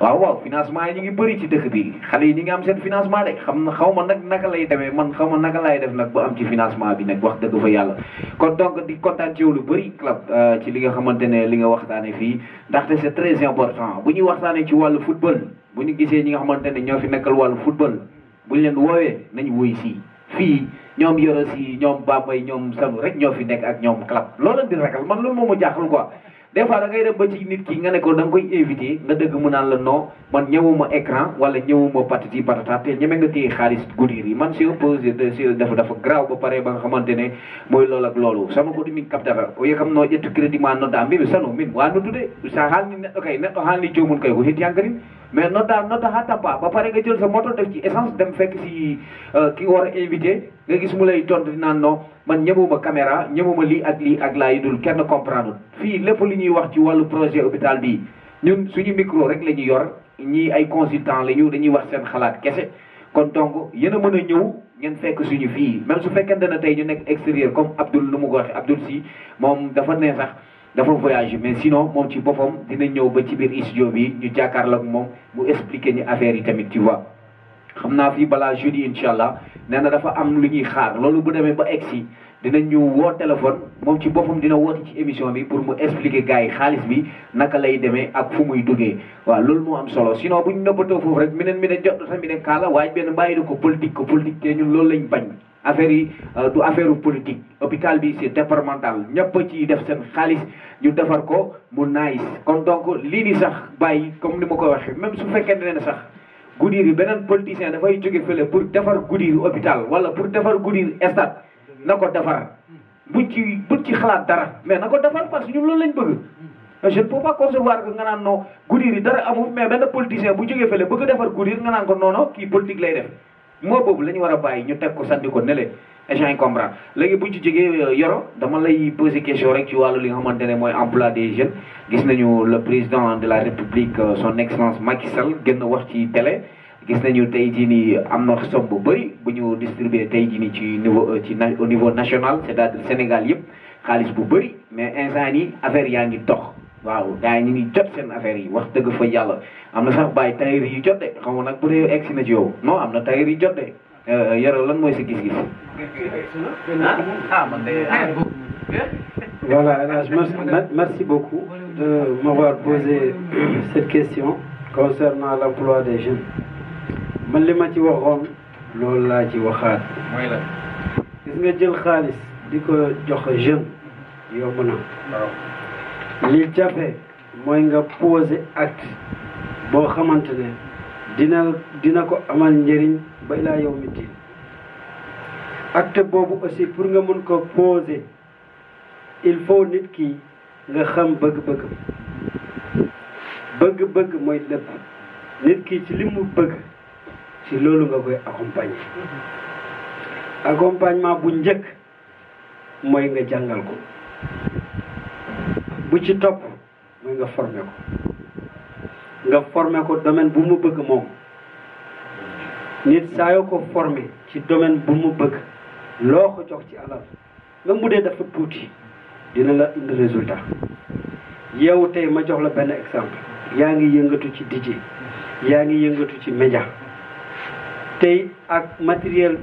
waaw waaw financement yi ñu ngi bëri ci dëkk bi xale yi ñu ngi am seen financement de xam na xaw ma nag naka lay demee man xaw ma naka laay def nag ba am ci financement bi nag wax dëgg fa yàlla kon donc di kontaan ci yow lu bëri euh, ci li nga xamante ne li nga waxtaane fii ndaxte c'est très important bu ñuy waxtaane ci wàllu football bu ñu gisee ñi nga xamante ne ñoo fi nekkal wàllu football bu ñu leen woowee nañ wuy si fii ñoom yoro si ñoom bambay ñoom salu rek ñoo fi nekk ak ñoom club loolu di ragal man loolu moom ma jaaxal quoi des fois da dem ba ci nit ki nga ne ko da nga koy invité nga dëgg mu naan la non man ñëwuma écran wala ñëwuma patati patata te ñeme nga téye xaalis guddi yi man si opposé dafa dafa grave ba pare ba nga xamante ne mooy loolu ak loolu sama ko min kaptata o yakam no ƴettu crédit ma nodda mbiɓe sano min wa noddude sa haalni neɗɗo kay neɗɗo haalni jomum kay ko hettiyankarin mais nodda nodda ha tampa ba pare nga jël sa moto def ci essence fekk si euh, ki a invité nga gis mu lay tontu naan non man ñemuma caméra ñemuma lii ak lii ak laa yi dul kenn comprendre fii lépp lu ñuy wax ci wàllu projet hôpital bii ñun suñu micro rek la ñu yor ñii ay consultant la ñu dañuy wax seen xalaat kese kon donc yéen a mën a ñëw ngeen fekk suñu fii man su fekkente na tey ñu nekk extérieur comme Abdoul nu mu ko waxee Abdoul si moom dafa ne sax dafa voyagé mais sinon moom ci boppam dina ñëw ba ci biir studio bi ñu jàkkaarloog moom mu expliquer ñu affaire yi tamit tu vois. xam naa fii balaa jeudi incha allah nee dafa am lu ñuy xaar loolu bu demee ba egsi dina ñëw woo téléphone moom ci boppam dina woote ci émission bi pour mu expliquer gars yi xaalis bi naka lay demee ak fu muy duggee waaw loolu moo am solo sinon bu ñu nëbbatoo foofu rek mineen mineen jot na mineen kaala waaye benn bàyyi na ko politique ko politique te ñu loolu lañ bañ. affaire yi euh, du affaire politique hôpital bi c'est départemental ñëpp ci def seen xaalis ñu defar ko mu nice kon donc lii nii sax bàyyi comme ni ma ko waxee même su fekkee ne sax. Goudiry beneen politicien dafay jóge fële pour defar Goudiry opital wala pour defar Goudiry stade na ko defar buñ ci buñ ci xalaat dara mais na ko defar parce que ñun loolu lañ bëgg. je ne peux pas concevoir que nga naan non Goudiry dara amul mais benn politicien bu jógee fële bëgg defar Goudiry nga naan ko non kii politique lay def moo boobu lañu war a bàyyi ñu teg ko sandi ko ne échange comprendre léegi buñ ci jógee euh, Yoro dama lay poser question rek ci wàllu li nga xamante ne mooy emploi des jeunes gis nañu le président de la république euh, son excellence Macky Sall gën a wax ci télé gis nañu tey jii nii am na somme bu bëri bu ñu distribué tey jii nii ci niveau euh, ci au niveau national cest à Sénégal yëpp xaalis bu bëri mais instant yi affaire yaa ngi dox waaw gars ñu ngi jot seen affaire yi wax dëgg fa yàlla am na sax bàyyi tailleur yi jot de xam nag bu dee si na ci yow non am na tailleur yu Eh, yaral lan mooy sa gis-gis. ah man de ah. voilà Elhaj merci beaucoup de m'avoir posé cette question concernant l'emploi des jeunes man li ma ci waxoon loolu laa ci waxaat. mooy la gis nga jël xaalis di ko jox jeune yomb na. li jafe mooy nga posé acte boo xamante ne. dina dina ko amal njëriñ ba ilaa yawmi diin acte boobu aussi pour nga mën ko poser il faut nit ki nga xam bëgg-bëgg bëgg-bëgg mooy lépp nit ki ci li bëgg ci loolu nga koy accompagner accompagnement bu njëkk mooy nga jàngal ko bu ci topp mooy nga former ko nga formé ko domaine bu mu bëgg moom nit saa yoo ko formé ci domaine bu mu bëgg loo ko jox ci alal même bu dee dafa tuuti dina la indi résultat yow tey ma jox la benn exemple yaa ngi yëngatu ci DJ yaa ngi yëngatu ci média tey ak matériel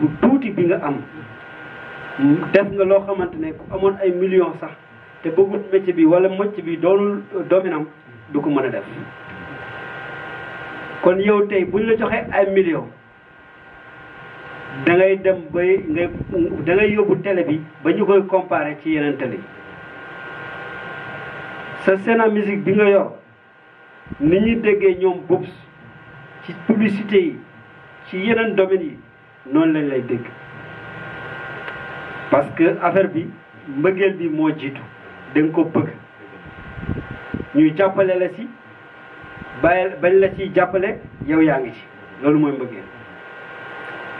bu tuuti bi nga am def nga loo xamante ne ku amoon ay millions sax te bëggut métier bi wala métier bi doonul dominam du ko mën a def kon yow tey ñu la joxee ay million da dem bay ngay da yóbbu télé bi ba ñu koy comparé ci yeneen télé sa Sena musique bi nga yor ni ñuy déggee ñoom bobs ci publicité yi ci yeneen domaines yi noonu lañ lay dégg parce que affaire bi mbëggeel bi moo jiitu da nga ko bëgg ñuy jàppale la si ba bañ la ciy jàppale yow yaa ngi ci loolu mooy mbëggeel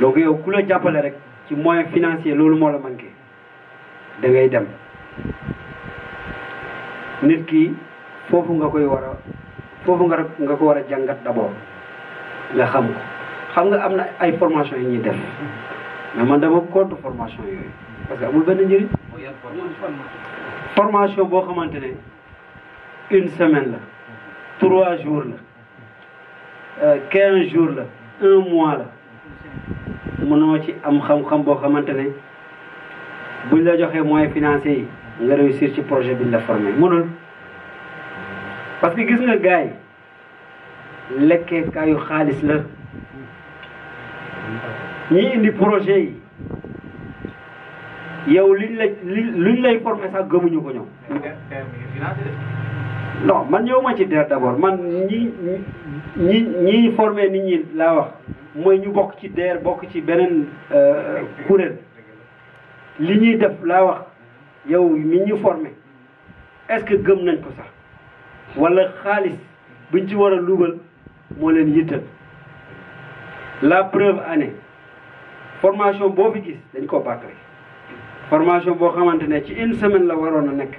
donc yow ku la jàppale rek ci moyen financier loolu moo la manqué da ngay dem nit kii foofu nga koy war a foofu nga nga ko war a jàngat d'abord nga xam ko xam nga am na ay formation yi ñuy def nga man dama contre formation yooyu parce que amul benn njëriñ oh, formation boo xamante ne une semaine la trois jours la euh, quinze jours la un mois la mënoo ci am xam-xam boo xamante ne buñ la joxee moyens financiers yi nga réussir ci projet biñ la formé mënul parce que gis nga gars yi lekkee kaayu xaalis la ñi indi projet yi yow lu la liñ lay formé sax gëmuñu ko ñow non man ñëw ma ci DER d' abord man ñi ñi ñi formé ni ñi laa wax mooy ñu bokk ci DER bokk ci beneen euh, kuréel li ñuy def laa wax yow mi ñu formé est ce que gëm nañ ko sax wala xaalis buñ ci war a luubal moo leen yittal la preuve année formation boo fi gis dañ ko bàkkale formation boo xamante ne ci une semaine la waroon a nekk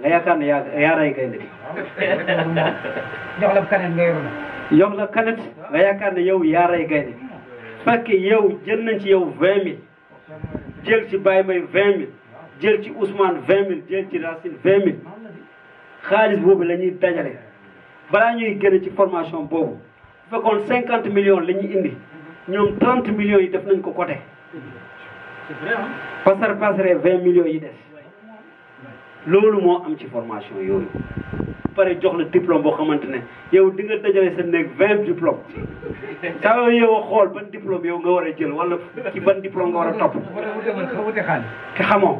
nga yaakaar ne yaa yaa gaynde gi. la kanet nga yor na. jox la kanet ne yow yaa rey gaynde gi fekk yow jël nañ ci yow vingt mille jël ci Baye May vingt mille jël ci Ousmane vingt mille jël ci Racine vingt mille xaalis boobu lañuy ñuy balaa ñuy génn ci formation boobu bu fekkoon cinquante millions la indi ñoom trente millions yi def nañ ko côté. passer passer vingt millions yi des. loolu moo am ci formation yooyu pare jox la diplôme boo xamante ne yow di nga dajale sa néeg vingt diplôme kawe yow xool ban diplôme yow nga war a jël wala ci ban diplôme nga war a topp te xamoo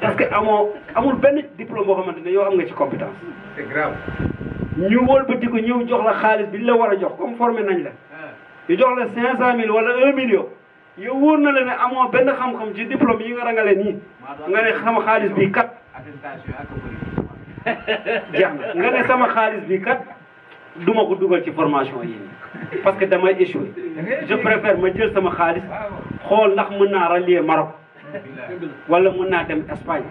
parce que amoo amul benn diplôme boo xamante ne yow am nga ci compétence c'est grave ñu wëlbati ko ñëw jox la xaalis bi ñu la war a jox comme formé nañ la ah. ñu jox la cinq cent mille wala un million yow wóor na la ne amoo benn xam-xam ci diplôme yi nga rangale nii nga ne sama xaalis bi kat jeex na nga ne sama xaalis bi kat duma ko dugal ci formation yi parce que damay échoué je préfère ma jël sama xaalis xool ndax mën naa rallier Maroc wala mën naa dem Espagne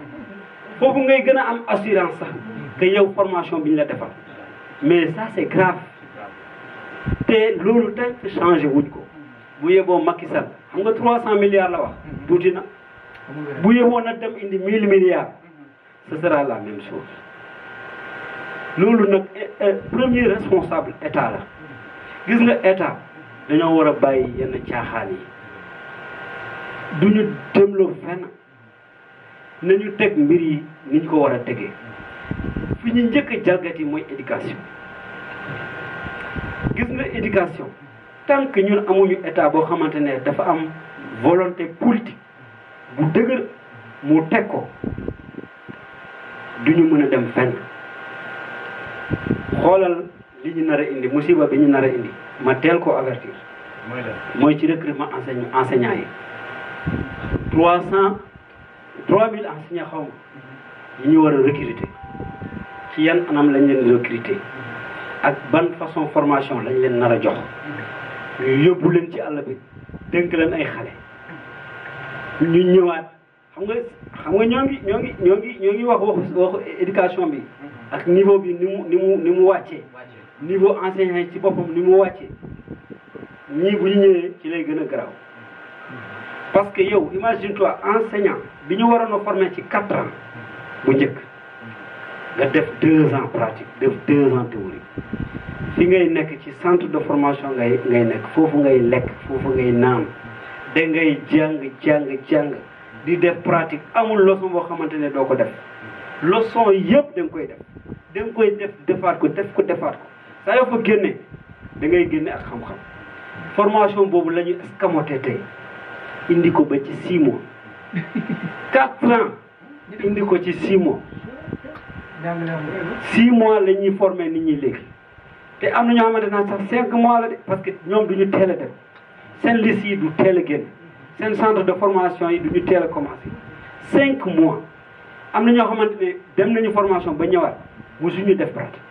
foofu ngay gën a am assurance sax que yow formation bi ñu la defal mais ça c'est grave te loolu tey changé wuñ ko bu yeboo Macky Sall xam nga 300 milliards la wax mm-hmm. tuuti na bu yeboo nag dem indi 1000 milliards mm-hmm. ce sera la même chose loolu nag eh, eh, premier responsable état la mm-hmm. gis nga état dañoo war a bàyyi yenn caaxaan yi duñu demloo fenn nañu teg mbir yi niñ ko war a tegee fi ñu njëkk a jalgati mooy éducation gis nga éducation tant que ñun amuñu état boo xamante ne dafa am volonté politique bu dëgër mu teg ko duñu mën a dem fenn xoolal li ñu nar a indi musiba bi ñu nar indi ma teel ko avertir mooy ci recrutement enseigne enseignant yi trois cent trois mille enseignants xaw ma ñu war a recruter ci yan anam lañ leen recruter ak ban façon formation lañ leen nar a jox yóbbu leen ci àll bi dénk leen ay xale ñu ñëwaat xam nga xam nga ñoo ngi ñoo ngi ñoo ngi ñoo ngi wax waxu waxu éducation bi ak niveau bi ni mu ni mu ni mu wàccee niveau enseignant yi ci boppam ni mu wàccee ñii bu ñu ñëwee ci lay gën a garaaw parce que yow imagine toi enseignant bi ñu waroon a former ci quatre ans bu njëkk nga def deux ans pratique def deux ans théorie fi ngay nekk ci centre de formation ngay ngay nekk foofu ngay lekk foofu ngay naan da ngay jàng jàng jàng di def pratique amul leçon boo xamante ne doo ko def leçon yëpp da nga koy def da koy def defaat ko def ko defaat ko saa yoo fa génne da ngay génne ak xam-xam formation boobu la ñu escamoté tey indi ko ba ci six mois quatre ans indi ko ci six mois six mois la ñuy former nit ñi léegi te am na ñoo xamante ne sax cinq mois la de parce que ñoom du ñu teel dem seen liste yi du teel a génn seen centre de formation yi du ñu teel a commencé cinq mois am na ñoo xamante ne dem nañu formation ba ñëwaat mosuñu def pratique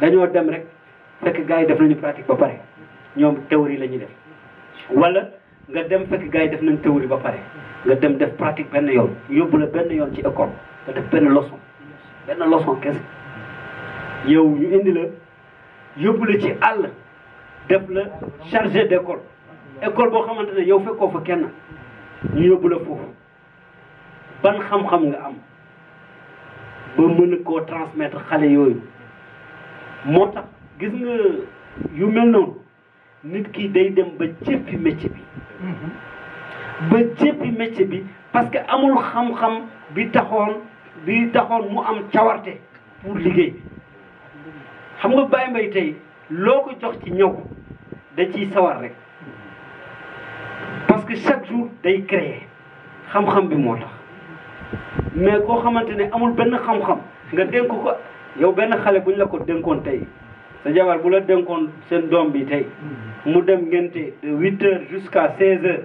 dañoo dem rek fekk gars yi def nañu pratique ba pare ñoom théorie la ñuy def wala nga dem fekk gars yi def nañ théorie ba pare nga dem def pratique benn yoon yóbbu la benn yoon ci école nga def benn leçon benn leçon kese yóbbu la ci àll def la chargé d' école école boo xamante ne yow fekkoo fa kenn ñu yóbbu la foofu ban xam-xam nga am ba mën koo transmettre xale yooyu moo tax gis nga yu mel noonu nit ki day dem ba jéppi métier bi mm-hmm. ba jéppi métier bi parce que amul xam-xam bi taxoon bi taxoon mu am cawarte pour liggéey xam nga Baye Mbaye tey loo ko jox ci ñëw da ciy sawar rek parce que chaque jour day créer xam-xam bi moo tax mais koo xamante ne amul benn xam-xam nga dénk ko yow benn xale buñ la ko dénkoon tey sa jabar bu la dénkoon seen doom bi tey mu dem ngente de huit heures jusqu'à seize heures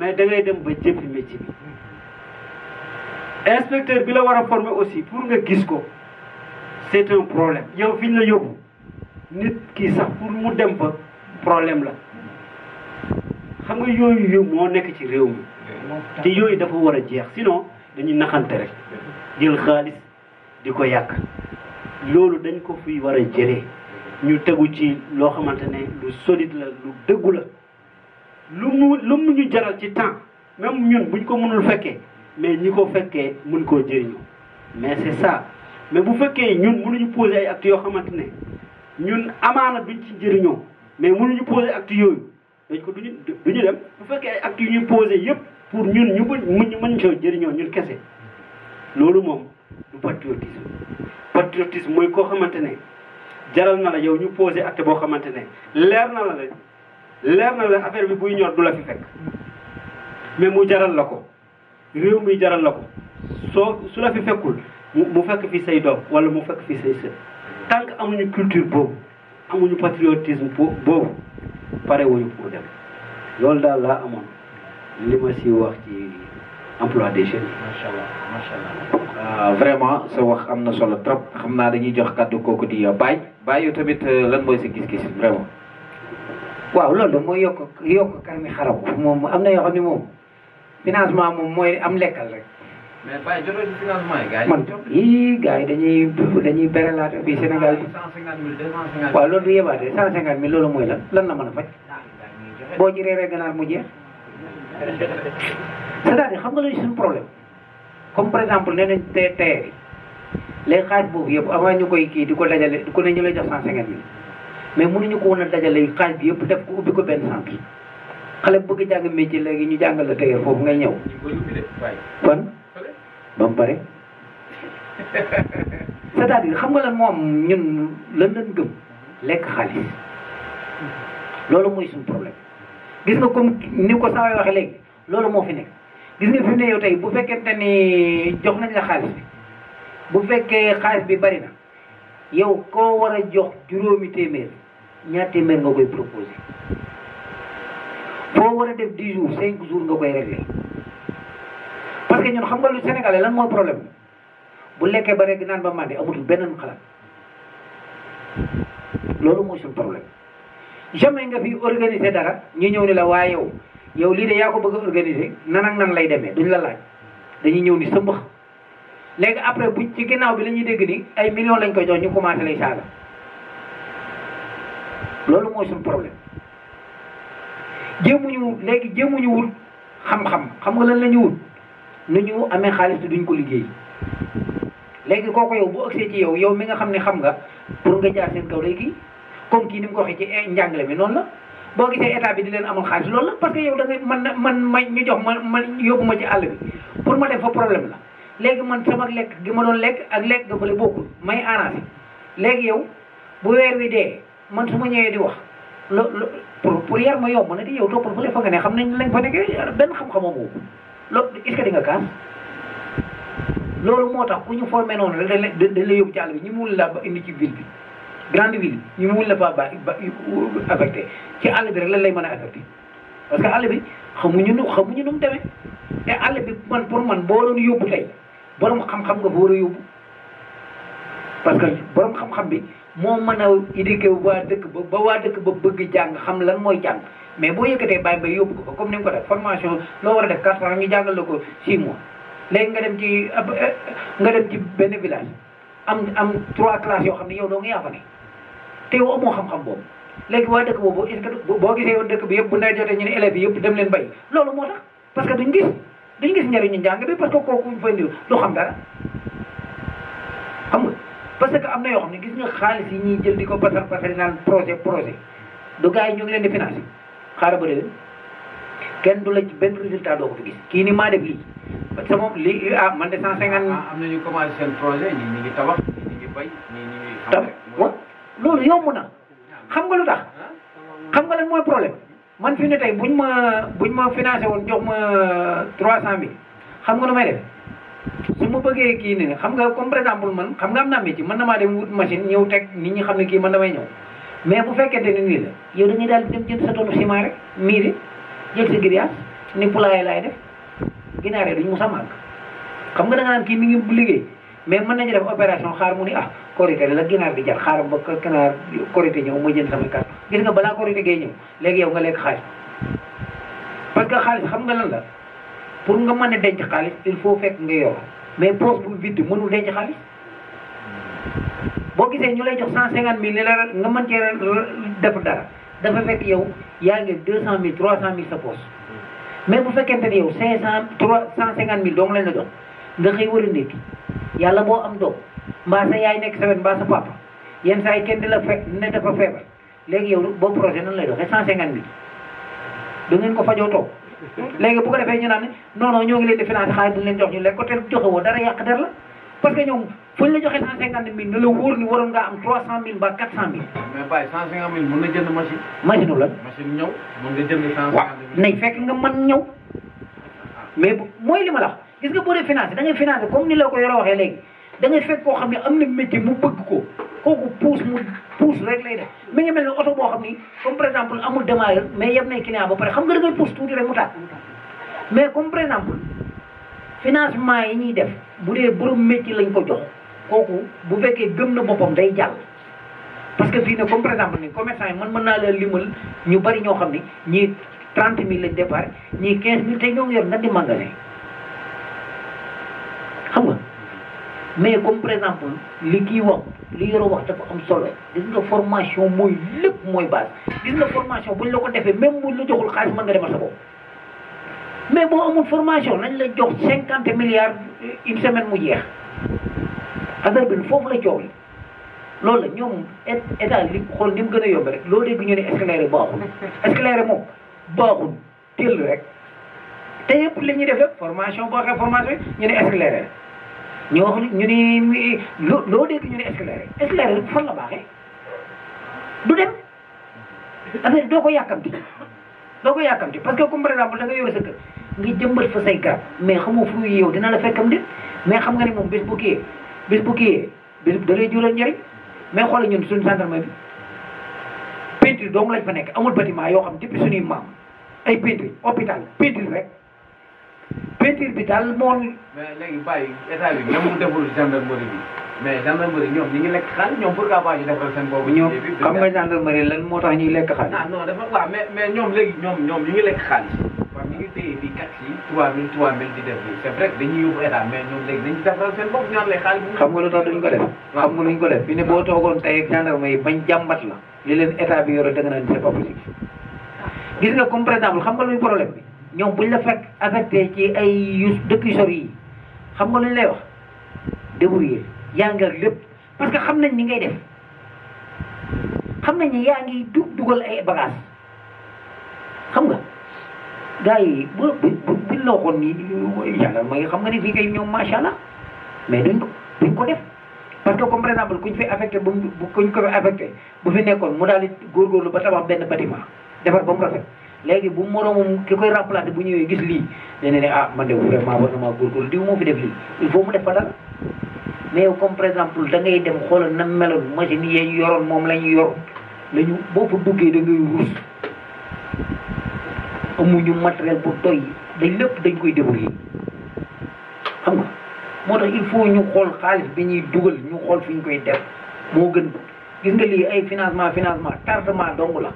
mais da ngay dem ba jëppi métier bi inspecteur bi la war a former aussi pour nga gis ko c'est un problème yow fi la yóbbu nit kii sax pour mu dem fa problème la xam nga yooyu yëpp moo nekk ci réew mi te yooyu dafa war a jeex sinon dañuy naxante rek jël xaalis di ko yàq loolu dañ ko fi war a jëlee ñu tegu ci loo xamante ne lu solide la lu dëggu la lu mu lu mu ñu jaral ci temps même ñun buñ ko mënul fekkee mais ñi ko fekkee mun koo jëriñu mais c'est ça mais bu fekkee ñun mënuñu poser ay actes yoo xamante ne ñun amaana duñ ci jëriñoo mais mënuñu poser actes yooyu dañ ko duñu duñu dem bu fekkee ay actes yu ñuy poser yëpp pour ñun ñu mën mën coo jëriñoo ñun kese loolu moom du patriotisme patriotisme mooy koo xamante ne jaral na la yow ñu poser acte boo xamante ne leer na la la leer na la affaire bi buy ñor du la fi fekk mais mu jaral la ko réew mi jaral la ko soo su la fi fekkul mu fekk fi say doom wala mu fekk fi say sët tant amuñu culture boobu amuñu patriotisme boobu pare wuñu pour dem loolu daal laa amoon li ma si wax ci emploi des jeunes yi macha allah macha allah ah, vraiment sa wax am na solo trop xam naa dañuy jox kàddu kooku di bàyyi bàyyi tamit euh, lan mooy si gis-gis vraiment waaw loolu mooy yokk yokk kan mi xaraw moom am na yoo xam ne moom financement moom mooy am lekkal rek. mais Baye jotoo ci financement yi. gars man yii gars yi dañuy dañuy beralaat bi Sénégal bi. 150 000 250 000. waaw loolu du yebaate 150 000 loolu mooy lan lan na mën a faj. Ah, boo ci reeree ganaar mu jeex. c'est-à-dire xam nga loolu suñu problème comme par exemple nee nañ tey tey léegi xaalis boobu yëpp avant ñu koy kii di ko dajale ku ne ñu lay jox 150 mais mënuñu ko woon a dajale xaalis bi yëpp def ko ubbi ko benn centre xale bu bëgg jàng métier léegi ñu jàngal la tey ngay ñëw. kon ba mu pare c'est-à-dire xam nga la moom ñun lan lañ gëm lekk xaalis loolu mooy suñu problème gis nga comme ni ko saa waxee léegi loolu moo fi nekk gis nga fi ne yow tey bu fekkente ni jox nañ la xaalis bi bu fekkee xaalis bi bari na. yow koo war a jox juróomi téeméer ñaar téeméer nga koy proposé foo war a def dix jours cinq jours nga koy réglé parce que ñun xam nga lu Sénégalais lan mooy problème bu lekkee ba rek naan ba màndi amatul beneen xalaat loolu mooy suñu problème jamais nga fi organiser dara ñu ñëw ni la waaye yow yow lii de yaa ko bëgg a organiser nan nan lay demee duñ la laaj dañuy ñëw ni sa léegi après bu ci ginnaaw bi lañuy dégg ni ay million lañ koy jox ñu commencé lay saaga loolu mooy suñu problème jéemuñu léegi jéemuñu wut xam-xam xam nga lañ la ñu wut nu ñu amee xaalis te duñ ko liggéey léegi kooku yow bu ëgsee ci yow yow mi nga xam ne xam nga pour nga jaar seen kaw léegi comme kii ni mu ko waxee ci eh, njàngale mi noonu la boo gisee état bi di leen amul xaalis loolu la parce que yow da nga man man ma ñu jox ma ma yóbbu ma ci àll bi pour ma def fa la léegi man sama lekk gi ma doon lekk ak lekk ga fële bokkul may arrangé léegi yow bu weer wi dee man su ma ñëwee di wax lo lo pour pour yar ma yomb na di yow toppal fële fa nga ne xam nañ lañ fa nekkee benn xam-xamam boobu loolu est-ce que di nga moo tax ku ñu formé noonu la dañ la ci àll bi ñu muul la indi ci ville bi ñu muul la ba affecté ci àll bi rek lan lay mën a affecté parce que àll bi xamuñu nu xamuñu nu mu demee te àll bi man pour man boo doon yóbbu tey. borom xam-xam nga fa war a yóbbu parce que borom xam-xam bi moo mën a indiqué waa dëkk ba ba waa dëkk ba bëgg jàng xam lan mooy jàng mais boo yëkkatee bàyyi ba yóbbu ko comme ni nga ko def formation loo war a def quatre ans ngi jàngal la ko six mois léegi nga dem ci euh, nga dem ci benn village am am trois classes yoo xam ne yow doo nga yaa fa ne te yow amoo xam-xam boobu léegi waa dëkk boobu boo gisee woon dëkk bi yëpp bu nawet jotee ñu ne élèves yi yëpp dem leen bay loolu moo tax parce que duñ duñ gis njëriñu njàng bi parce que kooku fa indi du xam dara xam nga parce que am na yoo xam ne gis nga xaalis yi ñuy jël di ko basal basal naan projet projet du gars yi ñu ngi leen di financé xaaral ba déwén kenn du la ci benn résultat doo ko fi gis kii ni maa def lii parce que moom lii ah man de 150. Ah, ah, am na ñu commencé seen projet ñii ñu ngi tabax ñii ñu ngi bay ñii ñu ngi. xam loolu yomb na xam nga lu tax xam nga lan mooy problème. man fi ne tey buñ ma buñ ma financé woon jox ma trois cent mille xam nga nu may def su ma bëggee kii ne xam nga comme par man xam nga am naa ci mën na maa dem wut machine ñëw teg ni ñu xam ne kii man damay ñëw mais bu fekkee ne nii la yow da ngay daal dem jël sa toolu ciment rek miiri jël sa grillage ni poulailler laay def ginaare duñ mu sa màgg xam nga da nga kii mi ngi liggéey mais mën nañu def opération xaar mu ni ah korité la ginaar di jar xaaral ba ginaar korité ñëw ma jënd sama carte gis nga balaa korité gay ñëw léegi yow nga lekk xaalis parce que xaalis xam nga lan la pour nga mën a denc xaalis il faut fekk nga yow mais poche bu vide mënul denc xaalis boo gisee ñu lay jox cent cinquante mille ni la nga mën cee def dara dafa fekk yow yaa ngi deux cent mille trois cent mille sa poche mais bu fekkente ne yow cinq cent trois cent cinquante mille dong lañ la jox nga xëy war a yàlla boo am doom mbaa sa yaay nekk sa wet mbaa sa papa yenn saa yi kenn di la fe ne dafa feebar léegi yow boo projet nan lay doxee cent cinquante mille du ngeen ko fajoo toog léegi bu ko defee ñu naan non non ñoo ngi leen di financé xaalis bu jox ñu lekk ko te joxe woo dara yàq der la parce que ñoom fu ñu la joxee cent cinquante ne la wóor ni waroon ngaa am trois cent mille mbaa quatre cent mille. mais Baye cent cinquante mille mën na machine. machine la machine fekk nga mën ñëw mais mooy li ma la gis nga boo dee financé da ngay financé comme ni la ko yore waxee léegi da ngay fekk koo xam ne am na métier mu bëgg ko kooku pousse mu pousse rek lay def mi ngi mel ni oto boo xam ni comme par exemple amul démarreur mais yem nay client ba pare xam nga da ngay pousse tuuti rek mu tàkk mais comme par exemple financement yi ñuy def bu dee borom métier lañ ko jox kooku bu fekkee gëm na boppam day jàll parce que fii ne comme par exemple ni commerçant yi man mën naa la limal ñu bari ñoo xam ne ñii trente mille lañ départ ñii quinze mille ñoo ngi di magasin xam nga mais comme par exemple li kii wax li yoro wax dafa am solo gis nga formation mooy lépp mooy base gis nga formation buñ la ko defee même buñ la joxul xaalis mën nga demal sa bopp mais boo amul formation lañ la jox cinquante milliards euh, une semaine mu jeex affaire bi foofu la coow li loolu la ñoom état li xool ni mu gën a yomb rek loolu dégg ñu ne escalaire baaxul escalaire moom baaxul teel rek te yëpp li ñuy def formation boo xam formation ñu ne éclairé ñu wax ñu ni loo loo dégg ñu ne éclairé éclairé fan la baaxee du dem affaire doo ko yàkkamti doo ko yàkkamti parce que comme par exemple da nga yore sa kër nga jëmbat fa say garab mais xamoo fu muy yow dina la fekkam de mais xam nga ne moom bés bu kiyee bés bu kiyee bés da lay jural njëriñ mais xoolal ñun suñu gendarme bi peinture dong lañ fa nekk amul bâtiment yoo xam depuis suñuy maam ay peinture hôpital peinture bi daal moom. mais léegi bàyyi état bi même mu deful gendarmerie bi mais gendarmerie ñoom ñu ngi lekk xaalis ñoom pour que ñu defal seen boobu. ñoom xam nga gendarmerie lan moo tax ñuy lekk xaalis. ah non dafa waaw mais mais ñoom léegi ñoom ñoom ñu ngi lekk xaalis. waaw ñu ngi téye fii kat yi 3000 3000 di def bi c' est vrai dañuy yóbbu état mais ñoom léegi dañuy defal seen bopp ñaan lay xaalis. xam nga lu tax duñ ko def. xam nga luñ ko def fi ne boo toogoon tey ak gendarmerie bañ jàmbat la. li leen état bi yore danga naan c' est pas possible. gis nga comme par exemple xam nga luñ problème bi ñoom buñ la fekk affecté ci ay dëkk yu sori yi xam nga lu lay wax débrouiller yaa ngi lépp parce que xam nañ ni ngay def xam nañ ni yaa ngi du dugal ay bagage xam nga gars yi bu bu buñ la waxoon nii yàlla xam nga ni fii kay ñoom macha allah mais duñ ko duñ ko def. parce que comme par exemple kuñ fi affecté bu kuñ ko fi affecté bu fi nekkoon mu daal di góorgóorlu ba tabax benn bâtiment defar ba mu rafet. léegi bu moromam ki koy remplacer bu ñëwee gis lii dana ah man de vraiment war na maa góorgóorlu diw moo fi def lii il faut mu def fa mais comme par exemple da dem xoolal nan meloon machine yi ñu yoroon moom la ñu yor la ñu boo fa duggee da ngay ruus amuñu matériel bu doy dañ lépp dañ koy débrouiller xam nga moo tax il faut ñu xool xaalis bi ñuy dugal ñu xool fi ñu koy def moo gën gis nga lii ay financement financement tardement dong la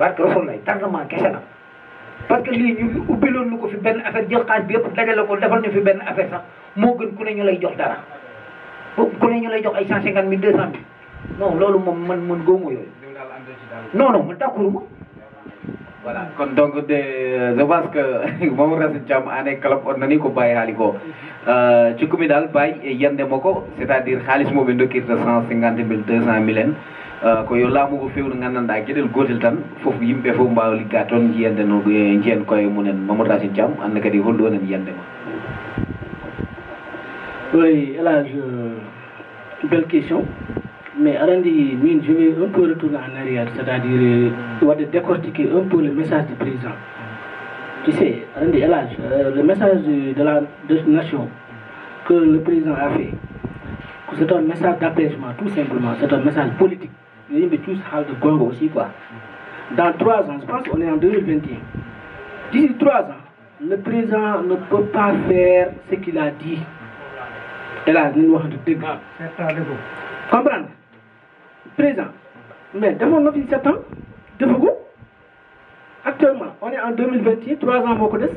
barke rasulullah tànn maa kese la parce que lii ñu ubbiloon lu ko fi benn affaire jël xaalis bi yëpp dajale ko defal ñu fi benn affaire sax moo gën ku ne ñu lay jox dara ku ne ñu lay jox ay cent mille mille non loolu man man non non man ma voilà kon donc de je pense que moom rasul jam ane kalap on nani ko baye hali ko euh ci kumi dal baye yande mako c'est-à-dire xaliss mo be ndokir 150 200 Euh, ko yo e e oui euh, belle question mais Rendi, je vais un peu retourner en arrière cest à dire euh, waɗde décortiquer un peu le message du président tu sais le message de la nation que le président a fait c'est un message d'apaisement tout simplement c'est un message politique il aussi quoi. Dans trois ans, je pense qu'on est en 2021. D'ici trois ans, le président ne peut pas faire ce qu'il a dit. là, nous avons wax dëgg. comprendre président mais devant mon 97 sept ans vos goûts, actuellement on est en 2021, trois ans à connaissez?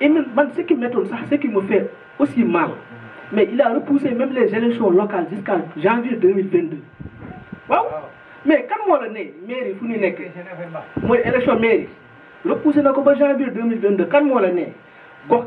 et même ce qui m'étonne ça ce qui me fait aussi mal mais il a repoussé même les élections locales jusqu'à janvier 2022. waaw mais kan moo la ne mairie fu ñu nekk mooy élection mairie repoussé na ko ba janvier deux mille vingt deux kan moo la ne gox